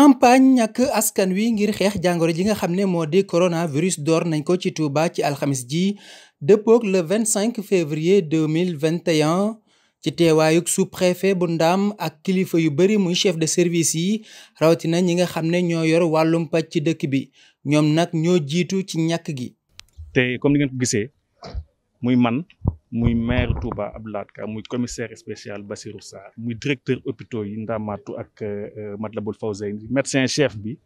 campagne ak askan wi ngir xeex jàngoro ji nga xam ne moo di coronavirus door nañ ko ci Touba ci alxamis ji dëppook le 25 février 2021 ci teewaayuk sous-préfet bu Ndaam ak kilifa yu bari muy chef de service yi rawatina ñi nga xam ne ñoo yor wàllum paj ci dëkk bi ñoom nag ñoo jiitu ci ñàkk gi. te comme ni ngeen ko gisee muy man muy maire Touba ab Ka muy commissaire spécial Bassirou Sarr muy directeur hôpitaux yi Ndamatou ak euh, euh, Matlaboul Fawzeyni médecin chef bi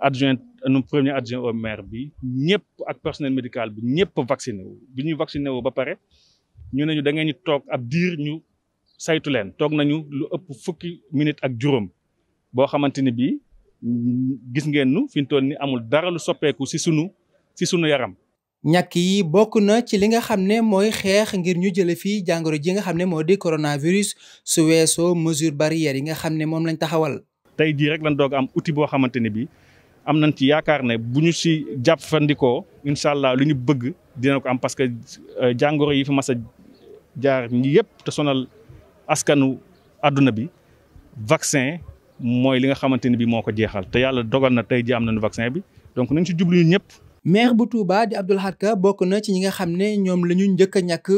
adjoint nu premier adjoint au maire bi ñëpp ak personnel médical bi ñëpp vacciné wu bi ñuy vacciné wu ba pare ñu ne ñu da ngeen ñu toog ab diir ñu saytu leen toog nañu lu ëpp fukki minute ak juróom boo xamante ni bii gis ngeen nu fi mu toll ni amul dara lu soppeeku si sunu si sunu yaram ñàkk yi bokk na ci li nga xam ne mooy xeex ngir ñu jële fii jàngoro ji nga xam ne moo di coronavirus su weesoo mesure barrière yi nga xam ne moom lañ taxawal. tey jii rek lañ doog am uti boo xamante ne bii am nañ ci yaakaar ne bu ñu si jàppandikoo incha allah lu ñu bëgg dina ko am parce que euh, jàngoro yi fi masa a jaar ñi yëpp te sonal askanu àdduna bi vaccin mooy li nga xamante ne bii moo ko jeexal te yàlla dogal na tey ji am nañu vaccin bi donc nañ ci jublu ñëpp. maire bu Touba di Abdou Lahad Ka bokk na ci ñi nga xam ne ñoom la ñu njëkk a ñàkk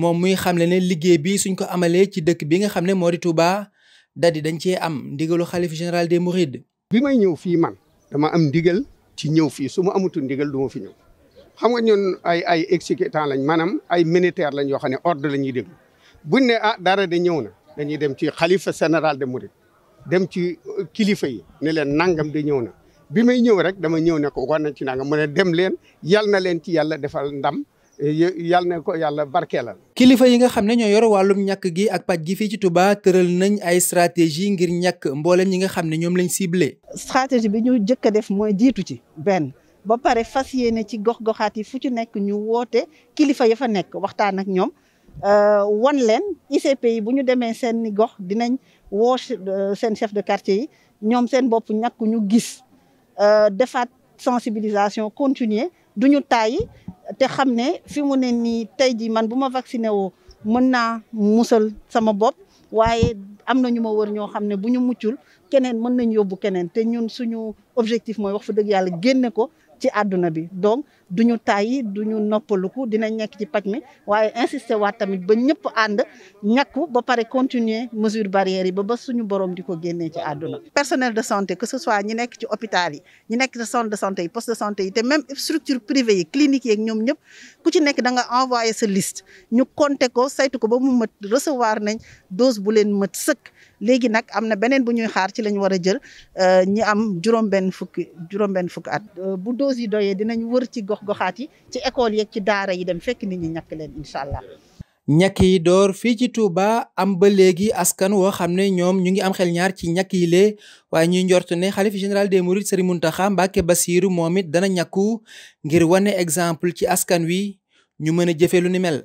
moom muy xamle ne liggéey bi suñ ko amalee ci dëkk bi nga xam ne moo di Touba dal di dañ cee am ndigalu xalif général de Mourides. bi may ñëw fii man dama am ndigal ci ñëw fii su ma amatul ndigal du fi ñëw xam nga ñun ay ay exécutants lañ maanaam ay militaire lañ yoo xam ne ordre la ñuy déglu buñ ne ah dara de ñëw na dañuy dem ci xalifa général des Mourides dem ci kilifa yi ne leen nangam di ñëw na. bi may ñëwee rek dama ñëw ne ko war nañ ci nangam mu ne dem leen yal na leen ci yàlla defal ndam yal na ko yàlla barkeelal. kilifa yi nga xam ne ñoo yore wàllum ñàkk gi ak paj gi fii ci Touba tëral nañ ay stratégie ngir ñàkk mboolem ñi nga xam ne ñoom lañ ciblé. stratégie bi ñu jëkk a def mooy jiitu ci benn. ba pare fas yéene ci gox-goxaat yi fu ci nekk ñu woote kilifa yi fa nekk waxtaan ak ñoom euh, wan leen ICP bu ñu demee seen gox dinañ woo euh, seen chef de quartier yi ñoom seen bopp ñàkk ñu gis. Euh, defaat sensibilisation continuer du ñu tàyyi te xam ne fi mu ne nii tey jii man bu ma vacciné woo mën naa musal sama bopp waaye am na ñu ma war ñoo xam ne bu ñu muccul keneen mën nañ yóbbu keneen te ñun suñu objectif mooy wax fa dëgg yàlla génne ko ci àdduna bi donc duñu tàyyi duñu noppaluku dinañ nekk ci paj mi waaye insisté waat tamit ba ñëpp ànd ñàkku ba pare continuer mesure barrière yi ba ba suñu borom di ko génnee ci àdduna personnel de santé que ce soit ñi nekk ci hôpital yi ñi nekk ci de santé yi poste de santé yi te même structure privée yi clinique yi ñoom ñëpp ku ci nekk da nga envoyé sa liste ñu compté ko saytu ko ba mu mët recevoir nañ dose bu leen mët sëkk léegi nag am na beneen bu ñuy xaar ci lañ war a jël euh, ñi am juróom benn fukki juróom benn fukki at euh, bu gox yi ci école yeeg ci daara yi dem fekk nit ñi ñàkk leen incha allah. ñàkk yi door fii ci Touba am ba léegi askan woo xam ne ñoom ñu ngi am xel ñaar ci ñàkk yi lee waaye ñuy njort ne xalif général des mourides Serigne Mountakha Mbacké Bassirou moom it dana ñàkku ngir wane exemple ci askan wi ñu mën a jëfee ni mel.